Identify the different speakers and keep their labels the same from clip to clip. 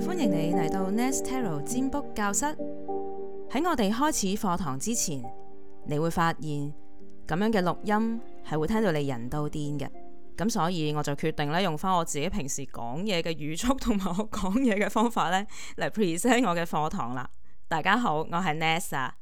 Speaker 1: 歡迎你嚟到 Nesta Tarot 占卜教室。喺我哋開始課堂之前，你會發現咁樣嘅錄音係會聽到你人到癲嘅。咁所以我就決定咧用翻我自己平時講嘢嘅語速同埋我講嘢嘅方法咧嚟 present 我嘅課堂啦。大家好，我係 Nesta 啊。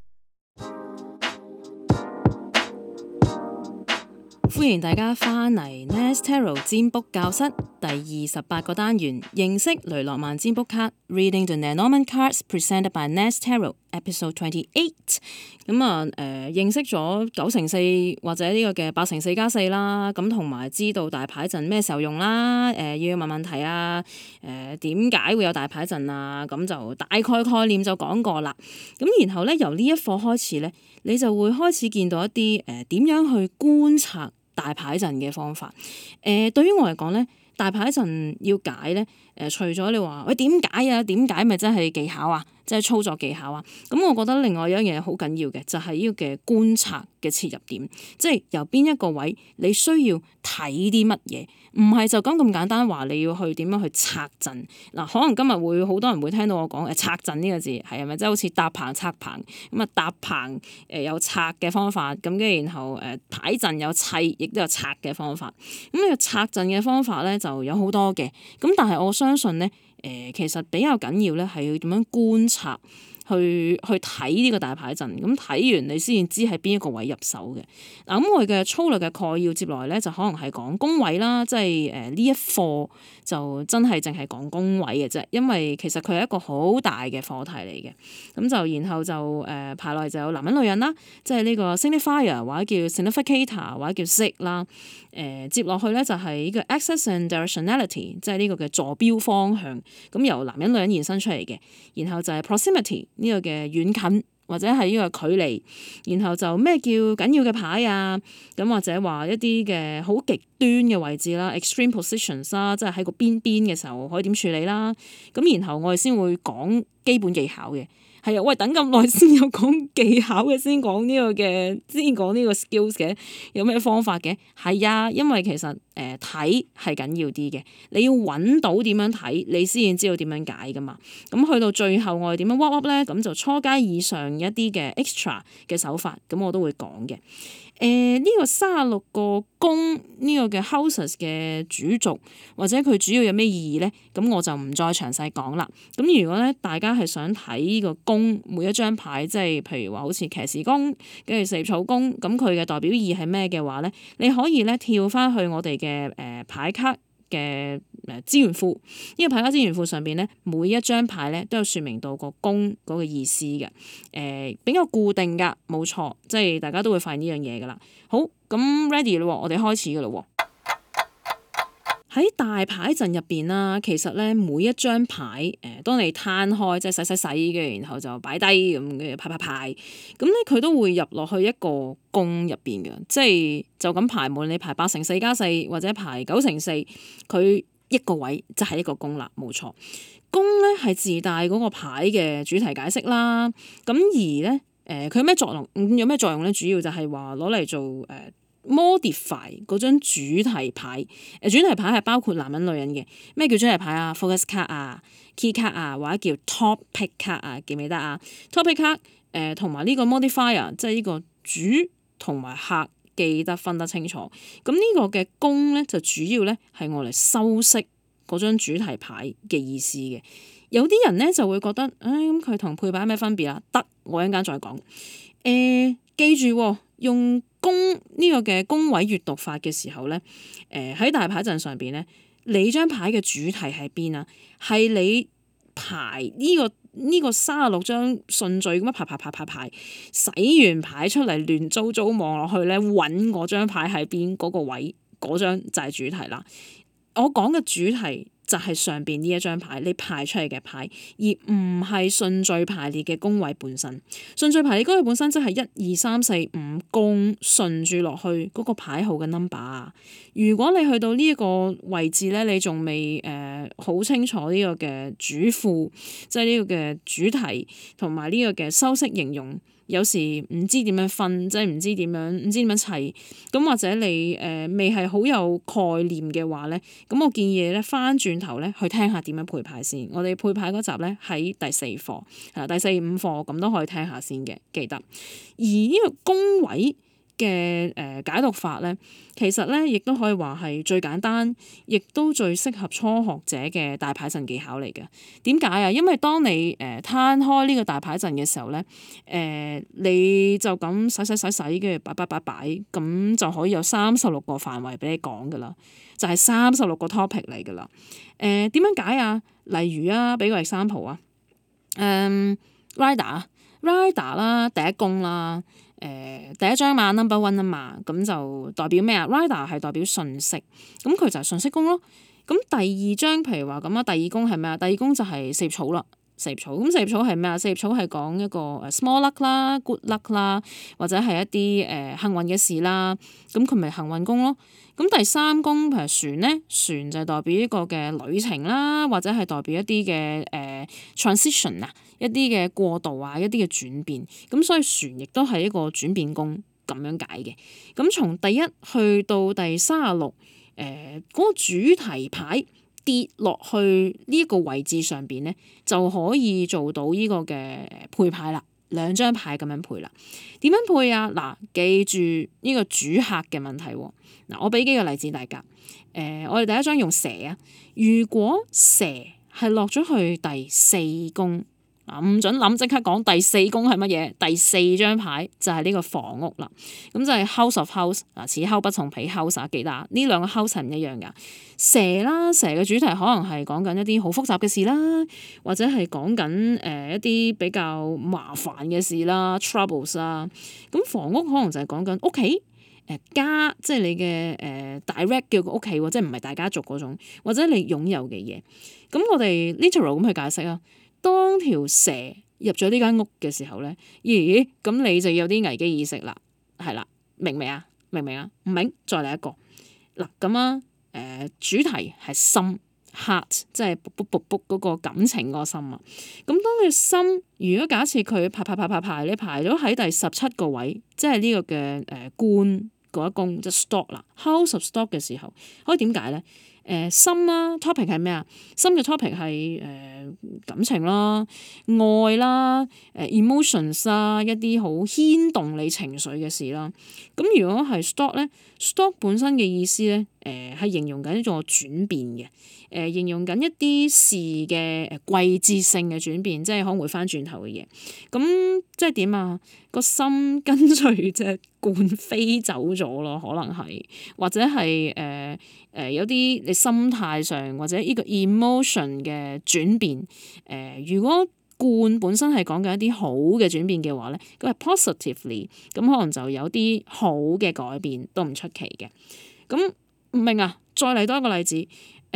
Speaker 1: 歡迎大家翻嚟 Nestaro 占卜教室第二十八個單元，認識雷諾曼占卜卡 Reading the Norman Cards presented by Nestaro Episode Twenty Eight。咁啊誒，認識咗九乘四或者呢個嘅八乘四加四啦，咁同埋知道大牌陣咩時候用啦，誒、呃、要問問題啊，誒點解會有大牌陣啊，咁就大概概念就講過啦。咁然後咧，由呢一課開始咧，你就會開始見到一啲誒點樣去觀察。大排陣嘅方法，誒、呃，對於我嚟講咧，大排陣要解咧。誒除咗你話，喂點解啊？點解咪真係技巧啊？即係操作技巧啊！咁我覺得另外一樣嘢好緊要嘅，就係呢個嘅觀察嘅切入點，即係由邊一個位你需要睇啲乜嘢？唔係就咁咁簡單話你要去點樣去拆陣嗱，可能今日會好多人會聽到我講誒拆陣呢個字，係咪即係好似搭棚拆棚咁啊？搭棚誒有拆嘅方法，咁跟住然後誒擺陣有砌亦都有拆嘅方法。咁呢個拆陣嘅方法咧就有好多嘅，咁但係我想相信咧，誒、呃、其實比較緊要咧，係要點樣觀察，去去睇呢個大牌陣。咁睇完，你先知係邊一個位入手嘅。嗱、啊，咁我哋嘅粗略嘅概要接來咧，就可能係講工位啦，即係誒呢一課就真係淨係講工位嘅啫。因為其實佢係一個好大嘅課題嚟嘅。咁就然後就誒、呃、排落嚟就有男人女人啦，即係呢個 Signifier 或者叫 Significator 或者叫色啦。接落去咧就係呢 ac 個 access and directionality，即係呢個嘅坐標方向，咁由男人女人延伸出嚟嘅，然後就係 proximity 呢個嘅遠近或者係呢個距離，然後就咩叫緊要嘅牌啊，咁或者話一啲嘅好極端嘅位置啦，extreme positions 啦，即係喺個邊邊嘅時候可以點處理啦，咁然後我哋先會講基本技巧嘅。係啊，喂，等咁耐先有講技巧嘅，先講呢個嘅，先講呢個 skills 嘅，有咩方法嘅？係啊，因為其實誒睇係緊要啲嘅，你要揾到點樣睇，你先至知道點樣解㗎嘛。咁去到最後，我哋點樣 wrap up 咧？咁就初階以上一啲嘅 extra 嘅手法，咁我都會講嘅。誒呢、呃這個三十六個宮呢、這個嘅 houses 嘅主軸，或者佢主要有咩意義咧？咁我就唔再詳細講啦。咁如果咧大家係想睇個宮每一張牌，即係譬如話好似騎士宮，跟住四葉草宮，咁佢嘅代表意義係咩嘅話咧？你可以咧跳翻去我哋嘅誒牌卡。嘅誒資源庫，呢、這個牌卡資源庫上邊咧，每一張牌咧都有説明到個公嗰個意思嘅誒、呃，比較固定噶，冇錯，即係大家都會發現呢樣嘢噶啦。好，咁 ready 啦，我哋開始噶啦喎。喺大牌陣入邊啦，其實咧每一張牌誒，當你攤開即係洗洗洗嘅，然後就擺低咁嘅排排排，咁咧佢都會入落去一個宮入邊嘅，即係就咁排，無論你排八乘四加四或者排九乘四，佢一個位即係一個宮啦，冇錯。宮咧係自帶嗰個牌嘅主題解釋啦。咁而咧誒，佢、呃、有咩作用？嗯、有咩作用咧？主要就係話攞嚟做誒。呃 modify 嗰張主題牌，誒、呃、主題牌係包括男人女人嘅。咩叫主題牌啊？focus 卡啊，key 卡啊，或者叫 topic 卡啊，記唔記得啊？topic 卡誒、呃、同埋呢個 modifier，即係呢個主同埋客，記得分得清楚。咁、嗯這個、呢個嘅功咧，就主要咧係我嚟修飾嗰張主題牌嘅意思嘅。有啲人咧就會覺得，唉、呃，咁佢同配牌有咩分別啊？得我一陣間再講。誒、呃，記住、哦、用。公呢、這個嘅公位閱讀法嘅時候咧，誒、呃、喺大牌陣上邊咧，你張牌嘅主題係邊啊？係你排呢、這個呢、這個卅六張順序咁樣排排排排排，洗完牌出嚟亂糟糟望落去咧，揾我張牌喺邊嗰個位，嗰張就係主題啦。我講嘅主題。就係上邊呢一張牌，你排出嚟嘅牌，而唔係順序排列嘅宮位本身。順序排列嗰個本身即係一二三四五宮順住落去嗰個牌號嘅 number 啊。如果你去到呢一個位置咧，你仲未誒好、呃、清楚呢個嘅主副，即係呢個嘅主題同埋呢個嘅修飾形容。有時唔知點樣分，即係唔知點樣，唔知點樣砌。咁或者你誒、呃、未係好有概念嘅話咧，咁我建議你咧翻轉頭咧去聽下點樣配牌先。我哋配牌嗰集咧喺第四課，係啦，第四五課咁都可以聽下先嘅，記得。而呢個工位。嘅誒、呃、解讀法咧，其實咧亦都可以話係最簡單，亦都最適合初學者嘅大牌陣技巧嚟嘅。點解啊？因為當你誒攤、呃、開呢個大牌陣嘅時候咧，誒、呃、你就咁洗洗洗洗，跟住擺擺擺擺，咁就可以有三十六個範圍俾你講噶啦，就係三十六個 topic 嚟噶啦。誒、呃、點樣解啊？例如啊，俾個 example 啊、嗯。Rider，Rider 啦，第一功啦。啊誒第一張嘛 number one 啊嘛，咁、no. 就代表咩啊？Rider 係代表信息，咁佢就係信息宮咯。咁第二張，譬如話咁啊，第二宮係咩啊？第二宮就係四葉草啦。四葉草，咁四葉草係咩啊？四葉草係講一個誒 small luck 啦，good luck 啦，或者係一啲誒、呃、幸運嘅事啦。咁佢咪幸運宮咯？咁第三宮譬如船咧，船就代表一個嘅旅程啦，或者係代表一啲嘅誒 transition 啊，一啲嘅過渡啊，一啲嘅轉變。咁所以船亦都係一個轉變宮咁樣解嘅。咁從第一去到第三十六誒嗰個主題牌。跌落去呢一個位置上邊咧，就可以做到呢個嘅配牌啦，兩張牌咁樣配啦。點樣配啊？嗱，記住呢個主客嘅問題喎、哦。嗱，我俾幾個例子大家。誒、呃，我哋第一張用蛇啊，如果蛇係落咗去第四宮，唔准諗，即刻講第四宮係乜嘢？第四張牌就係呢個房屋啦。咁就係 House of House，嗱，此 House 不同彼 House 記得，呢兩個 House 係唔一樣噶。蛇啦，蛇嘅主題可能係講緊一啲好複雜嘅事啦，或者係講緊誒一啲比較麻煩嘅事啦，troubles 啦。咁房屋可能就係講緊屋企，誒、呃家，就是呃、家，即係你嘅誒 direct 叫嘅屋企喎，即係唔係大家族嗰種，或者你擁有嘅嘢。咁我哋 literal 咁去解釋啊。當條蛇入咗呢間屋嘅時候咧，咦？咁你就有啲危機意識啦，係啦，明未啊？明唔明啊？唔明？再嚟一個，嗱咁啊，誒、呃，主題係心，heart，即係卜卜卜卜嗰個感情個心啊。咁當佢心，如果假設佢排排排排排你排咗喺第十七個位，即係呢個嘅誒、呃、官嗰一宮，即係 stop 啦，house stop 嘅時候，可以點解咧？誒心、呃、啦，topic 係咩啊？心嘅 topic 係誒感情啦、愛啦、誒、呃、emotions 啦，一啲好牽動你情緒嘅事啦。咁、呃、如果係 stock 咧，stock 本身嘅意思咧，誒、呃、係形容緊一種轉變嘅。誒形容緊一啲事嘅、呃、季節性嘅轉變，即係可能會翻轉頭嘅嘢。咁即係點啊？個心跟隨隻罐飛走咗咯，可能係或者係誒誒有啲你心態上或者呢個 emotion 嘅轉變。誒、呃，如果罐本身係講緊一啲好嘅轉變嘅話咧，咁係 positively，咁可能就有啲好嘅改變都唔出奇嘅。咁唔明啊！再嚟多一個例子。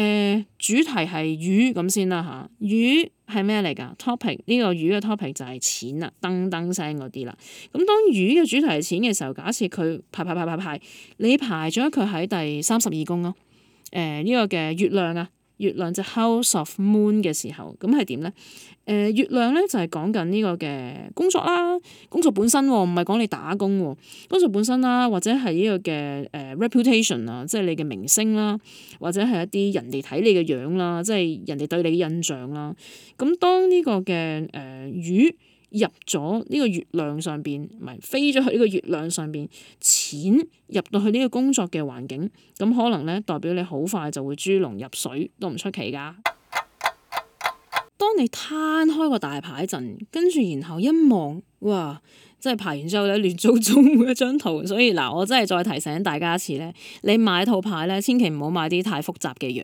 Speaker 1: 誒、呃、主題係魚咁先啦嚇，魚係咩嚟㗎？topic 呢個魚嘅 topic 就係錢啦，噔噔聲嗰啲啦。咁當魚嘅主題係錢嘅時候，假設佢排排排排排，你排咗佢喺第三十二宮咯。誒、呃、呢、這個嘅月亮啊！月亮隻 House of Moon 嘅時候，咁係點咧？誒、呃、月亮咧就係講緊呢個嘅工作啦，工作本身喎唔係講你打工喎、哦，工作本身啦或者係呢個嘅誒、呃、reputation 啊，即係你嘅名聲啦，或者係一啲人哋睇你嘅樣啦，即係人哋對你嘅印象啦。咁當呢個嘅誒魚。呃呃入咗呢個月亮上邊，唔係，飛咗去呢個月亮上邊，錢入到去呢個工作嘅環境，咁可能咧代表你好快就會豬籠入水，都唔出奇㗎。當你攤開個大牌陣，跟住然後一望，哇！即係排完之後咧，亂糟糟每一張圖，所以嗱，我真係再提醒大家一次咧，你買套牌咧，千祈唔好買啲太複雜嘅樣，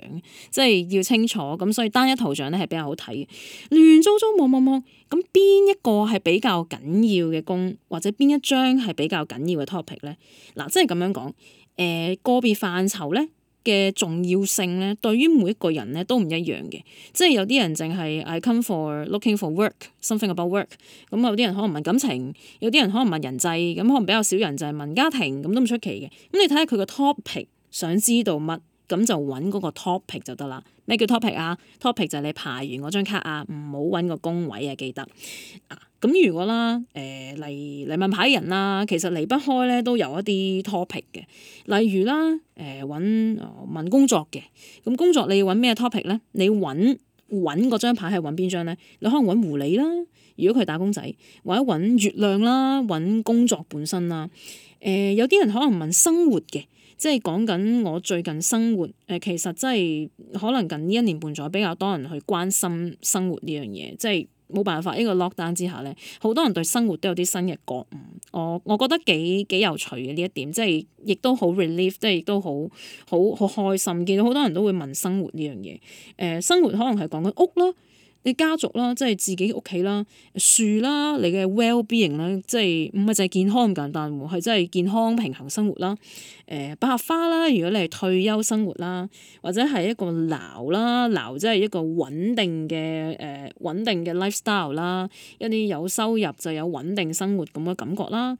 Speaker 1: 即係要清楚。咁所以單一圖像咧係比較好睇嘅，亂糟糟望望望，咁邊一個係比較緊要嘅工，或者邊一張係比較緊要嘅 topic 咧？嗱，真係咁樣講，誒個別範疇咧。嘅重要性咧，對於每一個人咧都唔一樣嘅，即係有啲人淨係 I come for looking for work，something about work。咁、嗯、有啲人可能問感情，有啲人可能問人際，咁、嗯、可能比較少人就係問家庭，咁、嗯、都唔出奇嘅。咁、嗯、你睇下佢個 topic，想知道乜，咁、嗯、就揾嗰個 topic 就得啦。咩叫 topic 啊？topic 就係你排完嗰張卡啊，唔好揾個工位啊，記得。咁、啊、如果啦，誒、呃，嚟嚟問牌嘅人啦，其實離不開咧，都有一啲 topic 嘅。例如啦，誒、呃，揾、呃、問工作嘅，咁工作你要揾咩 topic 咧？你揾揾嗰張牌係揾邊張咧？你可能揾狐狸啦，如果佢係打工仔，或者揾月亮啦，揾工作本身啦。誒、呃，有啲人可能問生活嘅。即係講緊我最近生活誒、呃，其實真係可能近呢一年半左右比較多人去關心生活呢樣嘢，即係冇辦法呢、呢個 lockdown 之下咧，好多人對生活都有啲新嘅覺悟。我我覺得幾幾有趣嘅呢一點，即係亦都好 relief，即係亦都好好好開心。見到好多人都會問生活呢樣嘢，誒、呃、生活可能係講緊屋咯，你家族啦，即係自己屋企啦，樹啦，你嘅 well-being 啦，即係唔係淨係健康咁簡單喎，係真係健康平衡生活啦。誒、呃、百合花啦，如果你係退休生活啦，或者係一個牢啦，牢即係一個穩定嘅誒、呃、穩定嘅 lifestyle 啦，一啲有收入就有穩定生活咁嘅感覺啦。誒、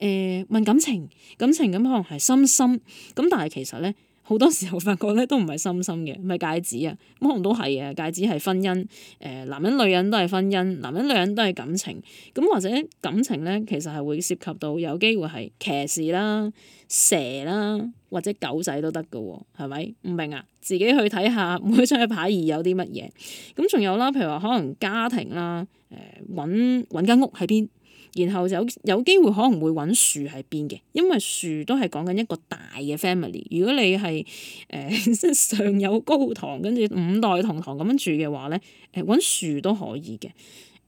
Speaker 1: 呃、問感情，感情咁可能係深深，咁但係其實咧。好多時候發覺咧都唔係深深嘅，唔係戒指啊，可能都係啊。戒指係婚姻誒、呃，男人女人都係婚姻，男人女人都係感情咁、嗯，或者感情咧其實係會涉及到有機會係騎士啦、蛇啦或者狗仔都得㗎喎，係咪唔明啊？自己去睇下每張嘅牌而有啲乜嘢咁，仲、嗯、有啦，譬如話可能家庭啦誒，揾揾間屋喺邊？然後就有有機會可能會揾樹喺邊嘅，因為樹都係講緊一個大嘅 family。如果你係、呃、上有高堂，跟住五代同堂咁樣住嘅話呢，揾樹都可以嘅。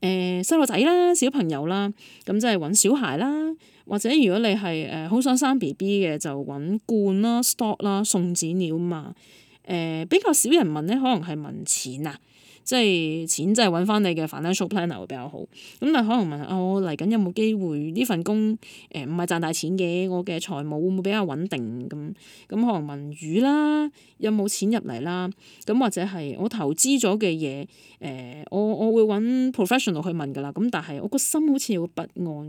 Speaker 1: 誒，細路仔啦，小朋友啦，咁即係揾小孩啦。或者如果你係好、呃、想生 B B 嘅，就揾罐啦、stock 啦、送子鳥嘛、呃。比較少人問呢，可能係問錢啊。即係錢真係揾翻你嘅，financial planner 會比較好。咁但係可能問、啊、我下我嚟緊有冇機會呢份工？誒唔係賺大錢嘅，我嘅財務會唔會比較穩定咁？咁、嗯嗯、可能問餘啦，有冇錢入嚟啦？咁、嗯、或者係我投資咗嘅嘢？誒、呃，我我會揾 professional 去問㗎啦。咁但係我個心好似有不安。咁、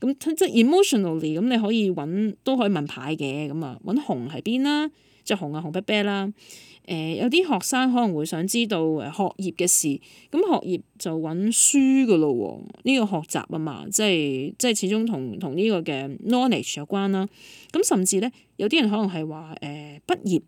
Speaker 1: 嗯、即係 emotionally，咁、嗯、你可以揾都可以問牌嘅咁啊，揾、嗯、紅喺邊啦，即係紅啊紅啤啤啦。誒、呃、有啲學生可能會想知道誒、呃、學業嘅事，咁、嗯、學業就揾書噶咯喎，呢、這個學習啊嘛，即係即係始終同同呢個嘅 knowledge 有關啦。咁、嗯、甚至咧，有啲人可能係話誒畢業，誒、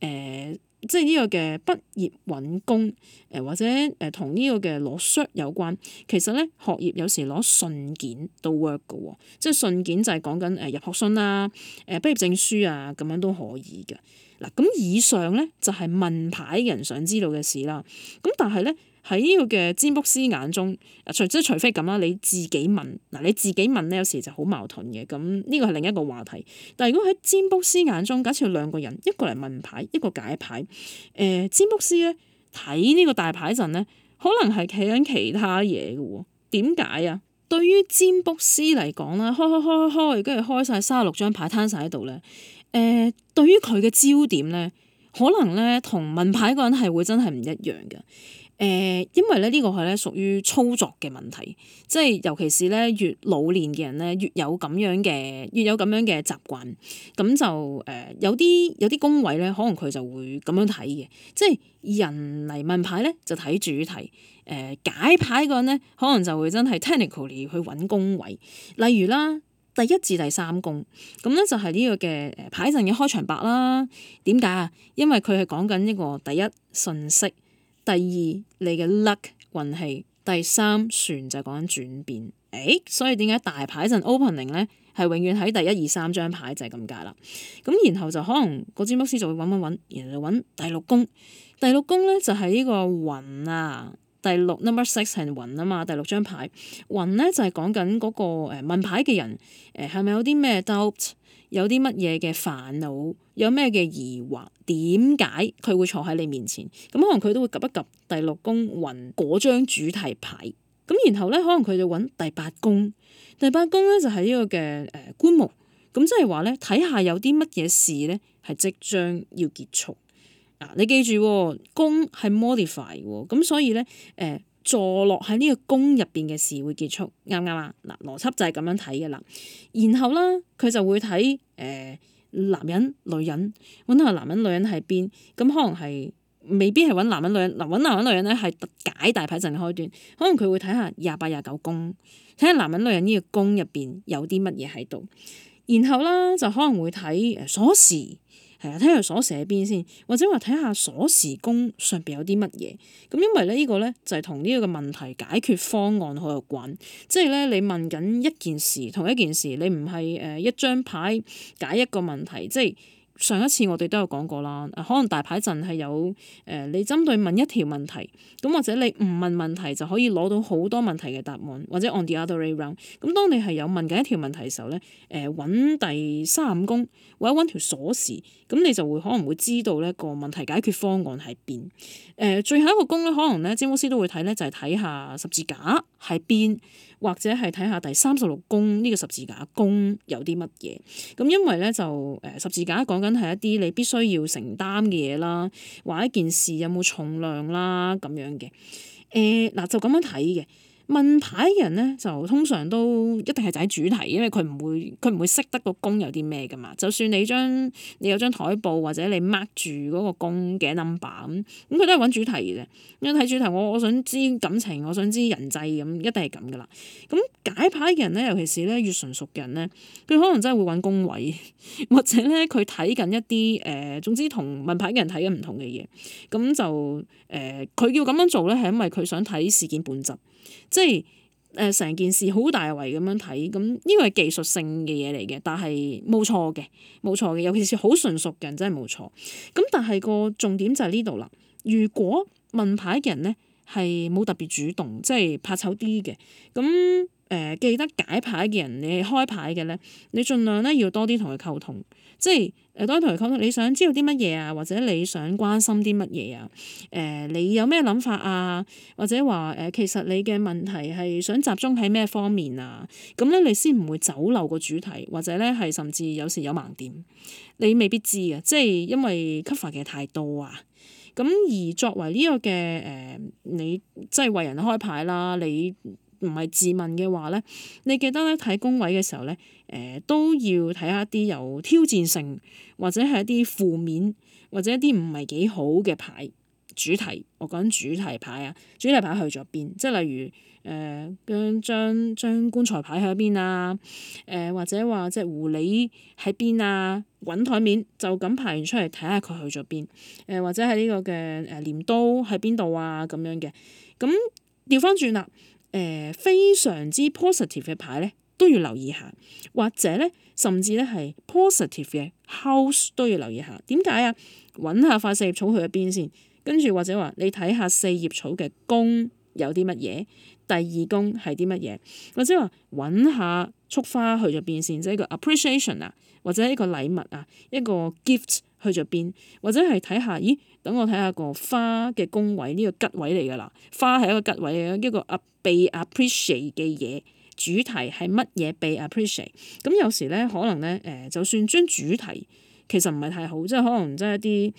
Speaker 1: 呃、即係呢個嘅畢業揾工，誒、呃、或者誒同呢個嘅攞書有關。其實咧，學業有時攞信件都 work 噶喎，即係信件就係講緊誒入學信啦、誒、呃、畢業證書啊咁樣都可以嘅。嗱，咁以上咧就係問牌嘅人想知道嘅事啦。咁但係咧喺呢個嘅占卜師眼中，除即除非咁啦，你自己問嗱，你自己問咧，有時就好矛盾嘅。咁呢個係另一個話題。但係如果喺占卜師眼中，假設有兩個人一個嚟問，問牌，一個解牌，誒占卜師咧睇呢個大牌陣咧，可能係企緊其他嘢嘅喎。點解啊？對於占卜師嚟講咧，開開開開，跟住開晒卅六張牌攤晒喺度咧。誒、呃、對於佢嘅焦點咧，可能咧同問牌個人係會真係唔一樣嘅。誒、呃，因為咧呢、這個係咧屬於操作嘅問題，即係尤其是咧越老年嘅人咧，越有咁樣嘅越有咁樣嘅習慣。咁就誒、呃、有啲有啲宮位咧，可能佢就會咁樣睇嘅。即係人嚟問牌咧就睇主題，誒、呃、解牌個人咧可能就會真係 technically 去揾宮位，例如啦。第一至第三宮，咁咧就係呢個嘅牌陣嘅開場白啦。點解啊？因為佢係講緊呢個第一信息，第二你嘅 luck 運，運氣，第三船就係講緊轉變。誒、欸，所以點解大牌陣 opening 咧，係永遠喺第一二三張牌就係咁解啦。咁然後就可能個占卜師就會揾揾揾，然後就揾第六宮。第六宮咧就係呢個運啊。第六 number six 係雲啊嘛，第六張牌雲咧就係講緊嗰個誒、呃、問牌嘅人誒，係、呃、咪有啲咩 doubt，有啲乜嘢嘅煩惱，有咩嘅疑惑，點解佢會坐喺你面前？咁可能佢都會 𥄫 一 𥄫 第六宮雲嗰張主題牌，咁然後咧可能佢就揾第八宮，第八宮咧就係、是呃、呢個嘅誒棺木，咁即係話咧睇下有啲乜嘢事咧係即將要結束。嗱，你記住喎，宮係 modify 喎，咁所以咧，誒、呃、坐落喺呢個宮入邊嘅事會結束，啱唔啱啊？嗱、呃，邏輯就係咁樣睇嘅啦。然後啦，佢就會睇誒、呃、男人、女人，揾下男人、女人喺邊，咁可能係未必係揾男，男人、女人，嗱揾男人、女人咧係解大牌陣嘅開端，可能佢會睇下廿八、廿九宮，睇下男人、女人呢個宮入邊有啲乜嘢喺度，然後啦就可能會睇誒鎖匙。係啊，睇下鎖匙喺邊先，或者話睇下鎖匙工上邊有啲乜嘢。咁因為呢呢個呢就係同呢個嘅問題解決方案好有關。即係呢，你問緊一件事，同一件事，你唔係誒一張牌解一個問題，即係。上一次我哋都有講過啦，可能大牌陣係有誒、呃，你針對問一條問題，咁或者你唔問問題就可以攞到好多問題嘅答案，或者 on the other way round。咁當你係有問緊一條問題嘅時候咧，誒、呃、揾第三五工或者揾條鎖匙，咁你就會可能會知道呢個問題解決方案喺邊。誒、呃、最後一個工咧，可能咧詹姆斯都會睇咧，就係、是、睇下十字架喺邊。或者係睇下第三十六宮呢個十字架宮有啲乜嘢？咁因為咧就誒十字架講緊係一啲你必須要承擔嘅嘢啦，話一件事有冇重量啦咁樣嘅，誒、呃、嗱就咁樣睇嘅。問牌嘅人咧，就通常都一定係就喺主題，因為佢唔會佢唔會識得個宮有啲咩噶嘛。就算你張你有張台布或者你 mark 住嗰個宮嘅 number 咁，咁佢都係揾主題嘅啫。因睇主題，我我想知感情，我想知人際，咁一定係咁噶啦。咁解牌嘅人咧，尤其是咧越純熟嘅人咧，佢可能真係會揾宮位，或者咧佢睇緊一啲誒、呃，總之同問牌嘅人睇緊唔同嘅嘢。咁就誒，佢、呃、要咁樣做咧，係因為佢想睇事件本質。即係誒成件事好大圍咁樣睇，咁呢個係技術性嘅嘢嚟嘅，但係冇錯嘅，冇錯嘅，尤其是好純熟嘅人真係冇錯。咁但係個重點就係呢度啦。如果問牌嘅人咧係冇特別主動，即係怕醜啲嘅，咁誒、呃、記得解牌嘅人，你係開牌嘅咧，你盡量咧要多啲同佢溝通，即係。誒當佢嚟溝通，你想知道啲乜嘢啊？或者你想關心啲乜嘢啊？誒，你有咩諗法啊？或者話誒、呃，其實你嘅問題係想集中喺咩方面啊？咁咧，你先唔會走漏個主題，或者咧係甚至有時有盲點，你未必知啊！即係因為 cover 嘅太多啊。咁而作為呢個嘅誒、呃，你即係為人開牌啦，你。唔係自問嘅話呢，你記得咧睇工位嘅時候呢，誒、呃、都要睇下啲有挑戰性或者係一啲負面或者一啲唔係幾好嘅牌主題。我講主題牌啊，主題牌去咗邊？即係例如誒將將將棺材牌喺邊啊？誒、呃、或者話即係狐狸喺邊啊？滾台面就咁排完出嚟睇下佢去咗邊？誒、呃、或者係呢個嘅誒鐮刀喺邊度啊？咁樣嘅咁調翻轉啦～誒、呃、非常之 positive 嘅牌咧，都要留意下，或者咧甚至咧係 positive 嘅 house 都要留意下。點解啊？揾下塊四葉草去咗邊先，跟住或者話你睇下四葉草嘅宮有啲乜嘢，第二宮係啲乜嘢，或者話揾下束花去咗邊先，即、就、係、是、一個 appreciation 啊，或者一個禮物啊，一個 gift。去咗邊，或者係睇下，咦？等我睇下個花嘅宮位，呢、這個吉位嚟㗎啦。花係一個吉位嘅，一個被 appreciate 嘅嘢，主題係乜嘢被 appreciate？咁、嗯、有時咧，可能咧，誒、呃，就算將主題其實唔係太好，即係可能即係一啲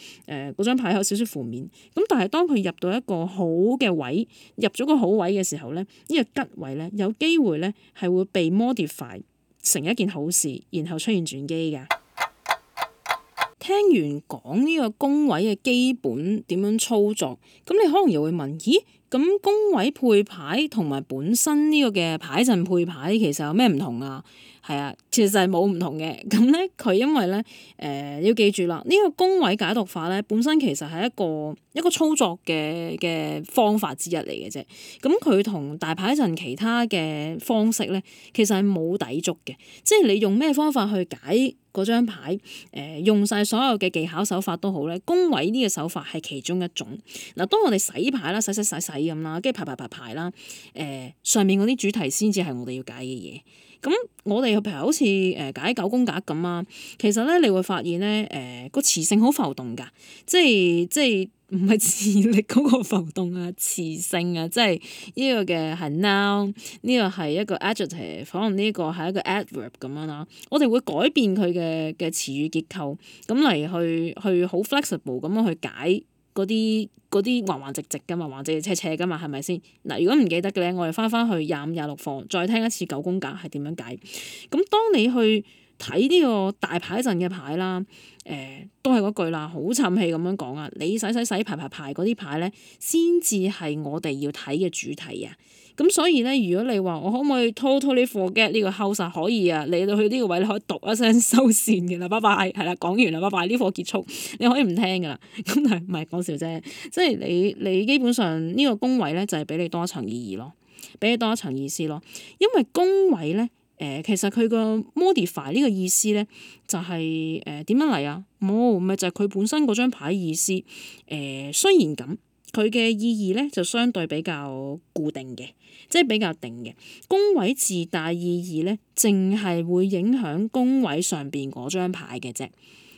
Speaker 1: 誒嗰張牌口有少少負面。咁但係當佢入到一個好嘅位，入咗個好位嘅時候咧，呢、這個吉位咧有機會咧係會被 modify 成一件好事，然後出現轉機㗎。聽完講呢個宮位嘅基本點樣操作，咁你可能又會問：咦，咁宮位配牌同埋本身呢個嘅牌陣配牌其實有咩唔同啊？係啊，其實係冇唔同嘅。咁咧，佢因為咧，誒、呃、要記住啦，呢、這個宮位解讀法咧，本身其實係一個一個操作嘅嘅方法之一嚟嘅啫。咁佢同大牌陣其他嘅方式咧，其實係冇抵觸嘅，即係你用咩方法去解？嗰張牌，誒、呃、用晒所有嘅技巧手法都好咧，宮位呢個手法係其中一種。嗱，當我哋洗牌啦，洗洗洗洗咁啦，跟住排排排排啦，誒、呃、上面嗰啲主題先至係我哋要解嘅嘢。咁、嗯、我哋譬如好似誒解九宮格咁啊，其實咧你會發現咧，誒、呃、個磁性好浮動㗎，即係即係。唔係磁力嗰個浮動啊，磁性啊，即係呢個嘅係 noun，呢個係一個 adjective，可能呢個係一個 adverb 咁樣啦、啊。我哋會改變佢嘅嘅詞語結構，咁嚟去去好 flexible 咁樣去解嗰啲嗰啲橫橫直直嘅嘛，橫直斜斜嘅嘛，係咪先？嗱，如果唔記得嘅咧，我哋翻翻去廿五、廿六課，再聽一次九宮格係點樣解，解。咁當你去。睇呢個大牌陣嘅牌啦，誒、呃、都係嗰句啦，好沉氣咁樣講啊！你洗洗洗排排排嗰啲牌咧，先至係我哋要睇嘅主題啊！咁所以咧，如果你話我可唔可以拖拖呢 f o r g e t 呢個後實可以啊？你去呢個位你可以讀一聲收線嘅啦，拜拜，係啦，講完啦，拜拜，呢課結束，你可以唔聽噶啦。咁係唔係講笑啫？即係你你基本上呢個工位咧，就係俾你多一層意義咯，俾你多一層意思咯，因為工位咧。誒，其實佢個 modify 呢個意思咧，就是呃，就係誒點樣嚟啊？冇，咪就係佢本身嗰張牌意思。誒、呃，雖然咁，佢嘅意義咧就相對比較固定嘅，即、就、係、是、比較定嘅。宮位自帶意義咧，淨係會影響宮位上邊嗰張牌嘅啫。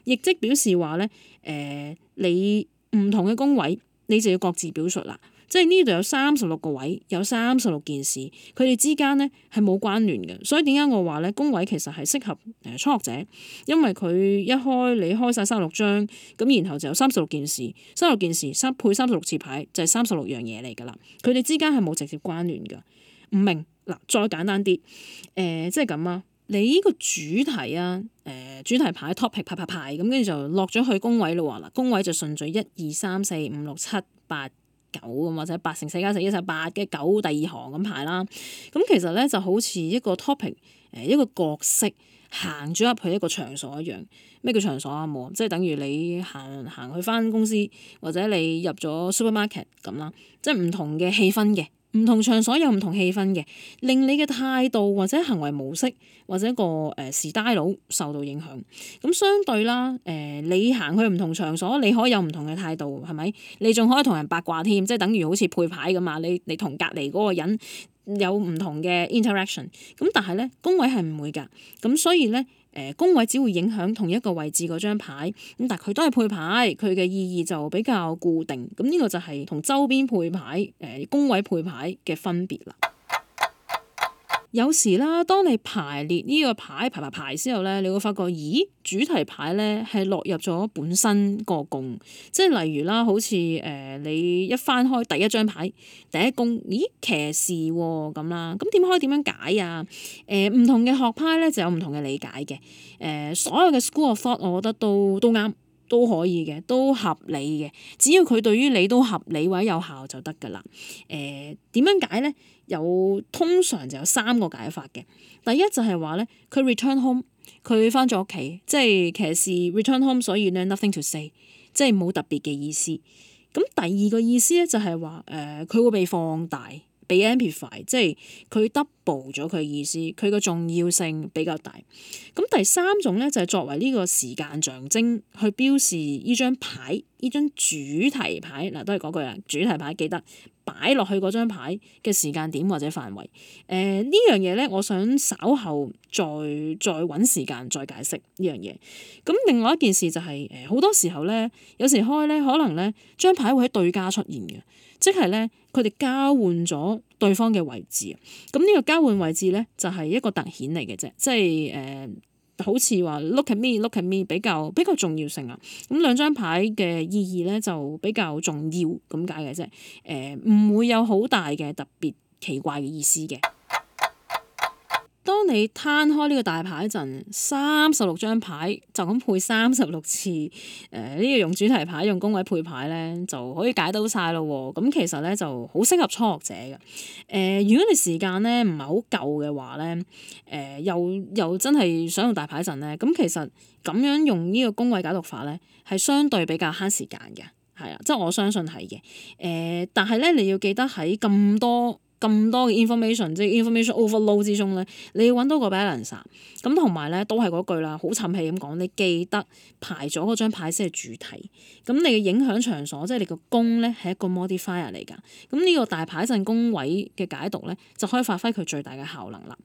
Speaker 1: 亦即表示話咧，誒、呃，你唔同嘅宮位，你就要各自表述啦。即係呢度有三十六個位，有三十六件事，佢哋之間呢係冇關聯嘅。所以點解我話呢？工位其實係適合初學者，因為佢一開你開晒三十六張，咁然後就有三十六件事，三十六件事配三十六次牌，就係三十六樣嘢嚟㗎啦。佢哋之間係冇直接關聯㗎。唔明嗱，再簡單啲，呃，即係咁啊，你呢個主題啊，呃，主題牌 topic 牌牌牌咁，跟住就落咗去工位啦喎嗱，工位就順序一二三四五六七八。九咁或者八乘四加四一乘八嘅九，第二行咁排啦，咁、嗯、其實咧就好似一個 topic 誒，一個角色行咗入去一個場所一樣，咩叫場所啊？冇，即係等於你行行去翻公司，或者你入咗 supermarket 咁啦，即係唔同嘅氣氛嘅。唔同場所有唔同氣氛嘅，令你嘅態度或者行為模式或者個、呃、style 受到影響。咁相對啦，誒、呃、你行去唔同場所，你可以有唔同嘅態度，係咪？你仲可以同人八卦添，即係等於好似配牌咁啊！你你同隔離嗰個人有唔同嘅 interaction，咁但係咧工位係唔會㗎，咁所以咧。誒工位只會影響同一個位置嗰張牌，咁但係佢都係配牌，佢嘅意義就比較固定，咁呢個就係同周邊配牌、誒工位配牌嘅分別啦。有時啦，當你排列呢個牌排排排之後咧，你會發覺，咦，主題牌咧係落入咗本身個宮，即係例如啦，好似誒、呃、你一翻開第一張牌第一宮，咦，騎士喎咁啦，咁點可以點樣解啊？誒唔、呃、同嘅學派咧就有唔同嘅理解嘅，誒、呃、所有嘅 School of Thought 我覺得都都啱。都可以嘅，都合理嘅，只要佢對於你都合理或者有效就得㗎啦。誒、呃、點樣解咧？有通常就有三個解法嘅。第一就係話咧，佢 return home，佢翻咗屋企，即係其實 return home，所以咧 nothing to say，即係冇特別嘅意思。咁第二個意思咧就係話誒，佢、呃、會被放大。俾 amplify，即係佢 double 咗佢意思，佢嘅重要性比較大。咁第三種咧就係、是、作為呢個時間象徵，去標示依張牌、依張主題牌。嗱、啊，都係嗰句啦，主題牌記得擺落去嗰張牌嘅時間點或者範圍。誒、呃、呢樣嘢咧，我想稍後再再搵時間再解釋呢樣嘢。咁另外一件事就係、是、誒，好、呃、多時候咧，有時開咧，可能咧張牌會喺對家出現嘅。即係咧，佢哋交換咗對方嘅位置啊！咁呢個交換位置咧，就係一個特顯嚟嘅啫，即係誒、呃，好似話 look at me，look at me 比較比較重要性啊！咁兩張牌嘅意義咧，就比較重要咁解嘅啫，誒、呃，唔會有好大嘅特別奇怪嘅意思嘅。當你攤開呢個大牌陣，三十六張牌就咁配三十六次，誒、呃、呢、這個用主題牌用工位配牌咧，就可以解到晒咯喎。咁其實咧就好適合初學者嘅。誒、呃，如果你時間咧唔係好夠嘅話咧，誒、呃、又又真係想用大牌陣咧，咁其實咁樣用呢個工位解讀法咧，係相對比較慳時間嘅，係啊，即係我相信係嘅。誒、呃，但係咧你要記得喺咁多。咁多嘅 information，即係 information overload 之中咧，你要揾到個 balance。咁同埋咧，都係嗰句啦，好沉氣咁講，你記得排咗嗰張牌先係主題。咁你嘅影響場所，即係你個宮咧，係一個 modifier 嚟㗎。咁呢個大牌陣宮位嘅解讀咧，就可以發揮佢最大嘅效能啦。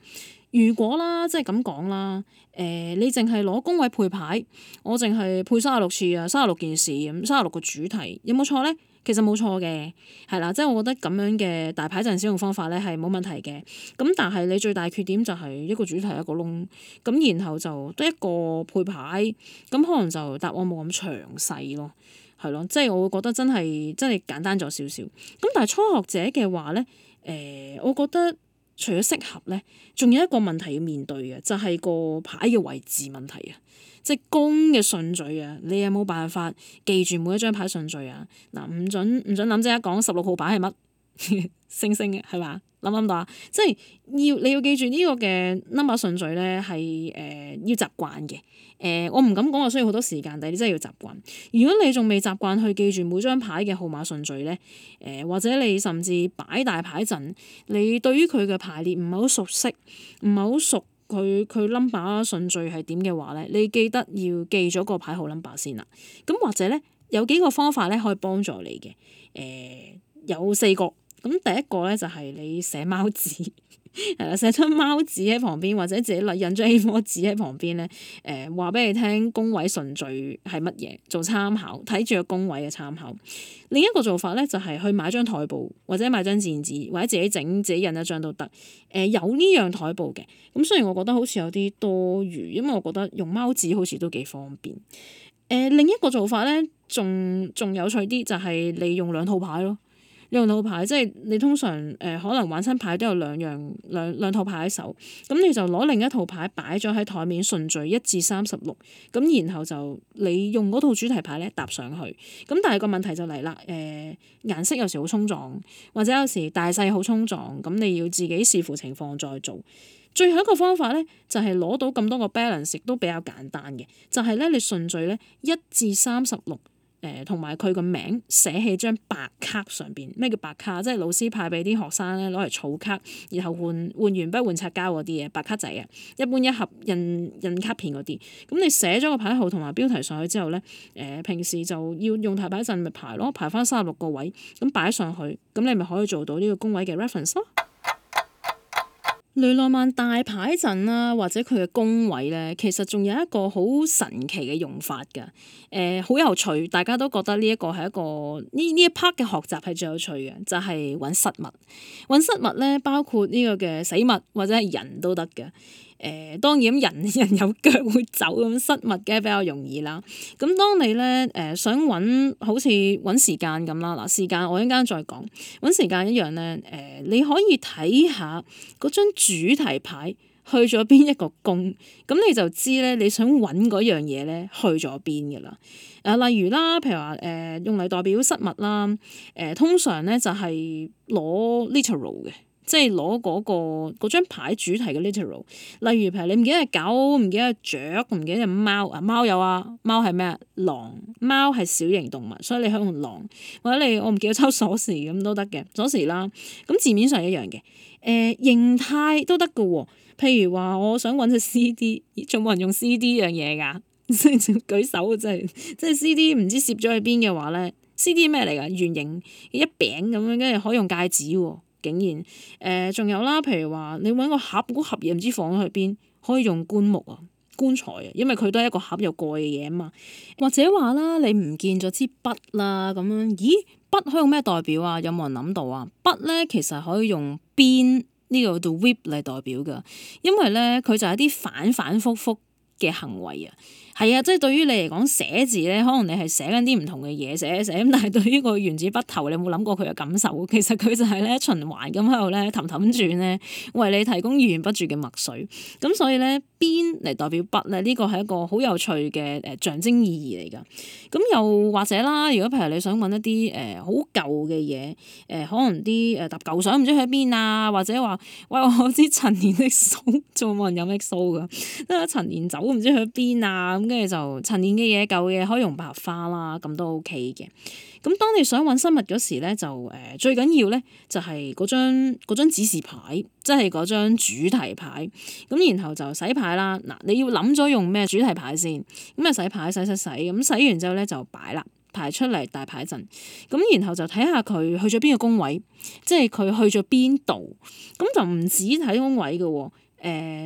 Speaker 1: 如果啦，即係咁講啦，誒、呃，你淨係攞宮位配牌，我淨係配三十六次啊，三十六件事咁，三十六個主題，有冇錯咧？其實冇錯嘅，係啦，即係我覺得咁樣嘅大牌陣使用方法咧係冇問題嘅。咁但係你最大缺點就係一個主題一個窿，咁然後就得一個配牌，咁可能就答案冇咁詳細咯，係咯，即係我會覺得真係真係簡單咗少少。咁但係初學者嘅話咧，誒、呃，我覺得除咗適合咧，仲有一個問題要面對嘅，就係、是、個牌嘅位置問題啊。即係公嘅順序啊！你有冇辦法記住每一張牌順序啊？嗱，唔准，唔准諗， 即刻一講十六號牌係乜星星嘅係嘛？諗唔諗到啊？即係要你要記住呢個嘅 number 順序咧，係、呃、誒要習慣嘅。誒、呃，我唔敢講話需要好多時間，但係你真係要習慣。如果你仲未習慣去記住每張牌嘅號碼順序咧，誒、呃、或者你甚至擺大牌陣，你對於佢嘅排列唔係好熟悉，唔係好熟。佢佢 number 順序係點嘅話呢？你記得要記咗個牌號 number 先啦。咁或者呢，有幾個方法呢可以幫助你嘅。誒、呃、有四個。咁第一個呢，就係你寫貓紙。係啦，寫張貓紙喺旁邊，或者自己印張 A4 紙喺旁邊咧。誒、呃，話俾你聽，工位順序係乜嘢，做參考，睇住個工位嘅參考。另一個做法咧，就係、是、去買張台布，或者買張戰紙，或者自己整自己印一張都得。誒、呃，有呢樣台布嘅咁，雖然我覺得好似有啲多餘，因為我覺得用貓紙好似都幾方便。誒、呃，另一個做法咧，仲仲有，有趣啲，就係、是、你用兩套牌咯。用套牌，即係你通常誒、呃、可能玩親牌都有兩樣兩兩套牌喺手，咁你就攞另一套牌擺咗喺台面順序一至三十六，咁然後就你用嗰套主題牌咧搭上去，咁但係個問題就嚟啦，誒、呃、顏色有時好衝撞，或者有時大細好衝撞，咁你要自己視乎情況再做。最後一個方法咧就係、是、攞到咁多個 balance 亦都比較簡單嘅，就係、是、咧你順序咧一至三十六。誒同埋佢個名寫喺張白卡上邊。咩叫白卡？即係老師派俾啲學生咧攞嚟儲卡，然後換換鉛筆換擦膠嗰啲嘢，白卡仔啊。一般一盒印印卡片嗰啲。咁你寫咗個牌號同埋標題上去之後咧，誒平時就要用台擺陣咪排咯，排返三十六個位，咁擺上去，咁你咪可以做到呢個工位嘅 reference 咯。雷諾曼大牌陣啊，或者佢嘅工位咧，其實仲有一個好神奇嘅用法㗎。誒、呃，好有趣，大家都覺得呢一個係一個呢呢一 part 嘅學習係最有趣嘅，就係、是、搵失物。搵失物咧，包括呢個嘅死物或者係人都得嘅。誒、呃、當然人人有腳會走咁，失物嘅比較容易啦。咁當你咧誒、呃、想揾好似揾時間咁啦，嗱時間我陣間再講揾時間一樣咧誒、呃，你可以睇下嗰張主題牌去咗邊一個宮，咁你就知咧你想揾嗰樣嘢咧去咗邊嘅啦。誒、呃、例如啦，譬如話誒、呃、用嚟代表失物啦，誒、呃、通常咧就係攞 literal 嘅。即係攞嗰個嗰張牌主題嘅 literal，例如譬如你唔記得隻狗，唔記得隻雀，唔記得隻貓啊貓有啊貓係咩啊狼，貓係小型動物，所以你可以用狼或者你我唔記得抽鎖匙咁都得嘅鎖匙啦。咁字面上一樣嘅誒、呃、形態都得㗎喎。譬如話我想搵隻 C.D. 仲冇人用 C.D. 呢樣嘢㗎，即 舉手真係即係 C.D. 唔知攝咗去邊嘅話咧，C.D. 咩嚟㗎？圓形一餅咁樣，跟住可以用戒指喎、哦。竟然誒，仲、呃、有啦，譬如話你揾個盒，嗰盒嘢唔知放咗去邊，可以用棺木啊、棺材啊，因為佢都係一個盒又蓋嘅嘢啊嘛。或者話啦，你唔見咗支筆啦咁樣，咦？筆可以用咩代表啊？有冇人諗到啊？筆咧其實可以用邊呢個做 web 嚟代表㗎，因為咧佢就係一啲反反覆覆嘅行為啊。係啊，即係對於你嚟講寫字咧，可能你係寫緊啲唔同嘅嘢寫寫，咁但係對於個原子筆頭，你有冇諗過佢嘅感受？其實佢就係咧循環咁喺度咧氹氹轉咧，為你提供源源不絕嘅墨水。咁所以咧，邊嚟代表筆咧？呢個係一個好有趣嘅誒象徵意義嚟㗎。咁又或者啦，如果譬如你想揾一啲誒好舊嘅嘢，誒、呃、可能啲誒揼舊相唔知去邊啊，或者話喂我知陳年的數仲冇人有咩數㗎？得陳年酒唔知去邊啊？咁跟住就陳年嘅嘢、舊嘅可以用百合花啦，咁都 O K 嘅。咁當你想揾生物嗰時咧，就誒、呃、最緊要咧就係嗰張嗰張指示牌，即係嗰張主題牌。咁然後就洗牌啦。嗱、啊，你要諗咗用咩主題牌先？咁啊洗牌洗洗洗，咁洗完之後咧就擺啦，排出嚟大牌陣。咁然後就睇下佢去咗邊個工位，即係佢去咗邊度。咁就唔止睇工位嘅喎，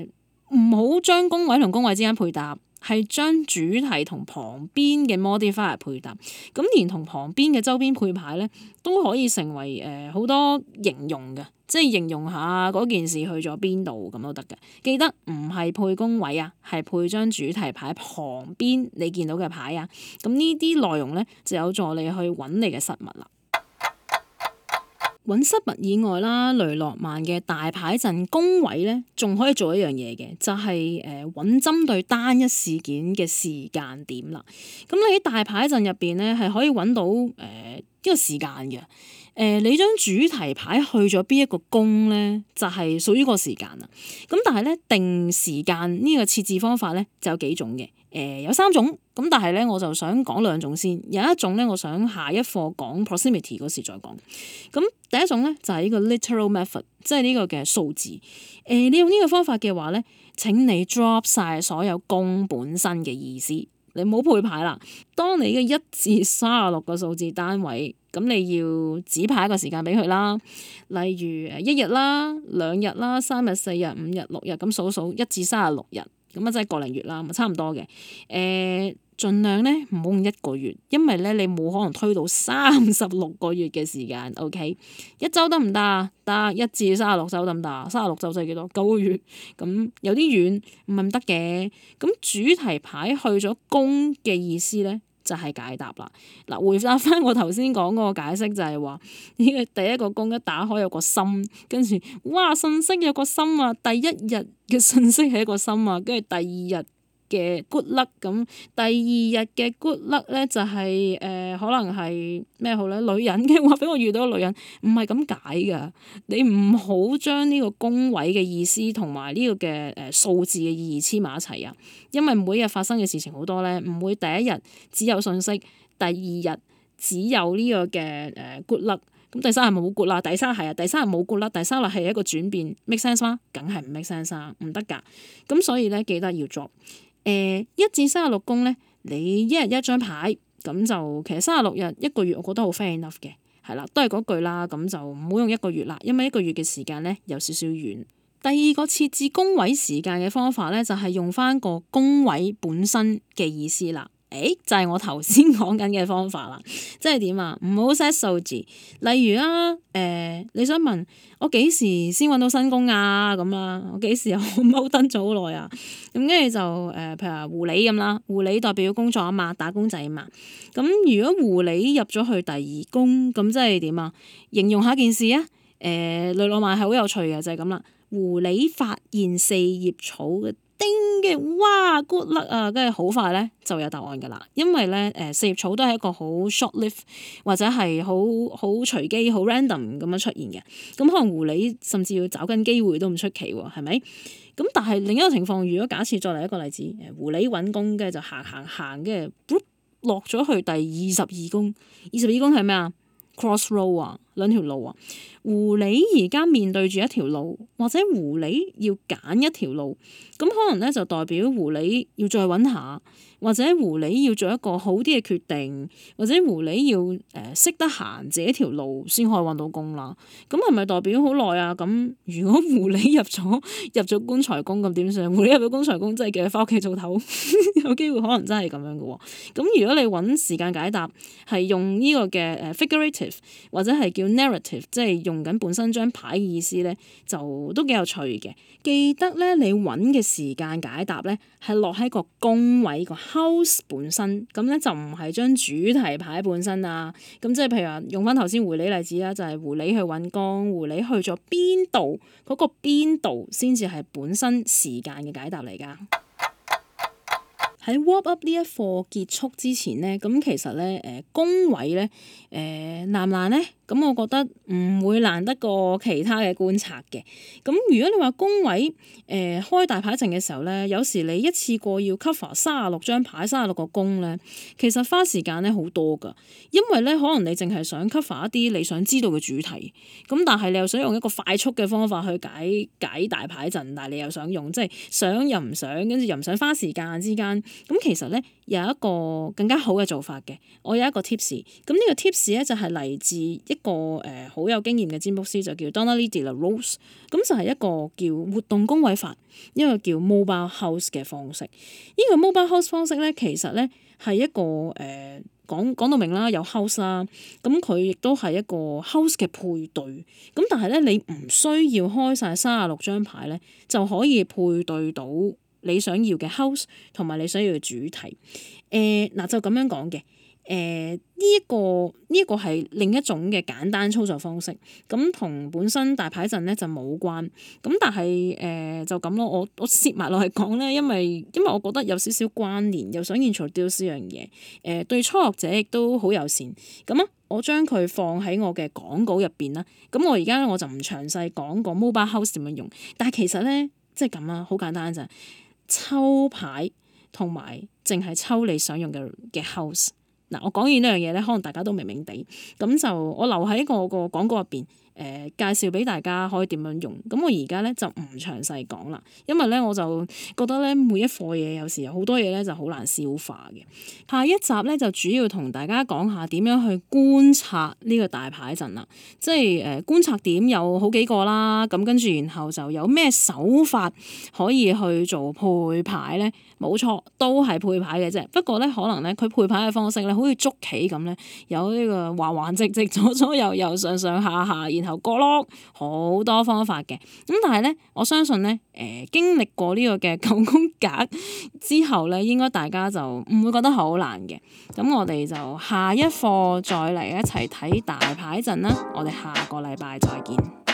Speaker 1: 誒唔好將工位同工位之間配搭。係將主題同旁邊嘅 modifier 配搭，咁連同旁邊嘅周邊配牌咧，都可以成為誒好、呃、多形容嘅，即係形容下嗰件事去咗邊度咁都得嘅。記得唔係配宮位啊，係配張主題牌旁邊你見到嘅牌啊，咁呢啲內容咧就有助去你去揾你嘅失物啦。揾失物以外啦，雷諾曼嘅大牌陣宮位咧，仲可以做一樣嘢嘅，就係誒揾針對單一事件嘅時間點啦。咁你喺大牌陣入邊咧，係可以揾到誒呢、呃、個時間嘅。誒、呃，你張主題牌去咗邊一個宮咧，就係屬於個時間啦。咁但係咧，定時間呢個設置方法咧就有幾種嘅。誒、呃、有三種咁，但係咧，我就想講兩種先。有一種咧，我想下一課講 proximity 嗰時再講。咁、嗯、第一種咧就係、是、呢個 literal method，即係呢個嘅數字。誒、呃，你用呢個方法嘅話咧，請你 drop 晒所有公本身嘅意思，你冇配牌啦。當你嘅一至三十六個數字單位，咁你要指派一個時間俾佢啦。例如誒，一日啦、兩日啦、三日、四日、五日、六日咁數數一至三十六日。咁啊，即係個零月啦，差唔多嘅。誒、呃，儘量咧唔好用一個月，因為咧你冇可能推到三十六個月嘅時間。O.K. 一周得唔得啊？得一至三十六週得唔得，三十六週即係幾多？九個月，咁、嗯、有啲遠，唔係唔得嘅。咁、嗯、主題牌去咗公嘅意思咧？就係解答啦！嗱，回答翻我頭先講嗰個解釋就，就係話呢個第一個宮一打開有個心，跟住哇信息有個心啊，第一日嘅信息係一個心啊，跟住第二日。嘅 good luck 咁，第二日嘅 good luck 咧就係、是、誒、呃、可能係咩好咧？女人嘅，話畀我遇到個女人唔係咁解㗎。你唔好將呢個宮位嘅意思同埋呢個嘅誒、呃、數字嘅意義黐埋一齊啊！因為每日發生嘅事情好多咧，唔會第一日只有訊息，第二日只有呢個嘅誒 good luck。咁第三日冇 good luck，第三係啊，第三日冇 good luck，第三日係一個轉變，make sense 嗎？梗係唔 make sense，唔得㗎。咁所以咧，記得要做。誒一至三十六宮呢，你一日一張牌，咁就其實三十六日一個月，我覺得好 fair enough 嘅，係啦，都係嗰句啦，咁就唔好用一個月啦，因為一個月嘅時間呢有少少遠。第二個設置宮位時間嘅方法呢，就係、是、用翻個宮位本身嘅意思啦。誒、欸、就係、是、我頭先講緊嘅方法啦， 即係點啊？唔好 set 數字，例如啦、啊，誒、呃、你想問我幾時先揾到新工啊？咁啦、啊，我幾時又踎燈做好耐啊？咁跟住就誒，譬、呃、如話狐狸咁啦，狐狸代表工作啊嘛，打工仔啊嘛。咁如果狐狸入咗去第二宮，咁即係點啊？形容下件事啊，誒、呃，雷諾曼係好有趣嘅，就係咁啦。狐狸發現四葉草叮嘅哇 good luck 啊，跟住好快咧就會有答案㗎啦，因為咧誒四葉草都係一個好 short lived 或者係好好隨機好 random 咁樣出現嘅，咁、嗯、可能狐狸甚至要找緊機會都唔出奇喎，係咪？咁但係另一個情況，如果假設再嚟一個例子，誒狐狸揾工嘅就行行行嘅 drop 落咗去第二十二公，二十二公係咩啊？Crossroad 啊，兩條路啊，狐狸而家面對住一條路，或者狐狸要揀一條路，咁可能咧就代表狐狸要再揾下。或者狐狸要做一個好啲嘅決定，或者狐狸要誒、呃、識得行自己條路先可以揾到工啦。咁係咪代表好耐啊？咁如果狐狸入咗入咗棺材工，咁點算？狐狸入咗棺材工，即係叫佢翻屋企做頭， 有機會可能真係咁樣嘅喎。咁如果你揾時間解答，係用呢個嘅誒、呃、figurative 或者係叫 narrative，即係用緊本身張牌意思咧，就都幾有趣嘅。記得咧，你揾嘅時間解答咧係落喺個工位個。House 本身咁咧就唔係將主題牌本身啊。咁即係譬如話用翻頭先狐狸例子啦，就係狐狸去揾江，狐狸去咗邊度，嗰、嗰個邊度先至係本身時間嘅解答嚟㗎。喺 wrap up 呢一課結束之前呢，咁其實呢，誒工位呢，誒難唔難呢？呃難難呢？咁我覺得唔會難得過其他嘅觀察嘅。咁如果你話工位誒、呃、開大牌陣嘅時候咧，有時你一次過要 cover 三十六張牌，三十六個工咧，其實花時間咧好多㗎。因為咧，可能你淨係想 cover 一啲你想知道嘅主題。咁但係你又想用一個快速嘅方法去解解大牌陣，但係你又想用即係、就是、想又唔想，跟住又唔想花時間之間。咁其實咧有一個更加好嘅做法嘅，我有一個 tips。咁呢個 tips 咧就係嚟自一。一個好有經驗嘅占卜師就叫 Donna Lydia Rose，咁就係一個叫活動公位法，一個叫 mobile house 嘅方式。呢、這個 mobile house 方式咧，其實咧係一個誒講講到明啦，有 house，啦，咁佢亦都係一個 house 嘅配對。咁但係咧，你唔需要開晒三十六張牌咧，就可以配對到你想要嘅 house 同埋你想要嘅主題。誒、呃、嗱，就咁樣講嘅。誒呢一個呢一、這個係另一種嘅簡單操作方式，咁同本身大牌陣咧就冇關。咁但係誒、呃、就咁咯。我我攝埋落嚟講咧，因為因為我覺得有少少關聯，又想 introduce 呢樣嘢。誒、呃、對初學者亦都好友善。咁、嗯、啊，我將佢放喺我嘅講稿入邊啦。咁、嗯、我而家咧我就唔詳細講個 mobile house 點樣用，但係其實咧即係咁啦，好、就是、簡單咋抽牌同埋淨係抽你想用嘅嘅 house。嗱，我講完呢樣嘢咧，可能大家都明明地，咁就我留喺我個廣告入邊。呃、介紹俾大家可以點樣用，咁我而家咧就唔詳細講啦，因為咧我就覺得咧每一課嘢有時有好多嘢咧就好難消化嘅。下一集咧就主要同大家講下點樣去觀察呢個大牌陣啦，即係誒、呃、觀察點有好幾個啦，咁跟住然後就有咩手法可以去做配牌呢？冇錯，都係配牌嘅啫。不過咧可能咧佢配牌嘅方式咧好似捉棋咁咧，有呢個橫橫直直左左左右右右上上上下下，然後～頭咯，好多方法嘅。咁但係咧，我相信咧，誒、呃，經歷過呢個嘅九宮格之後咧，應該大家就唔會覺得好難嘅。咁我哋就下一課再嚟一齊睇大牌陣啦。我哋下個禮拜再見。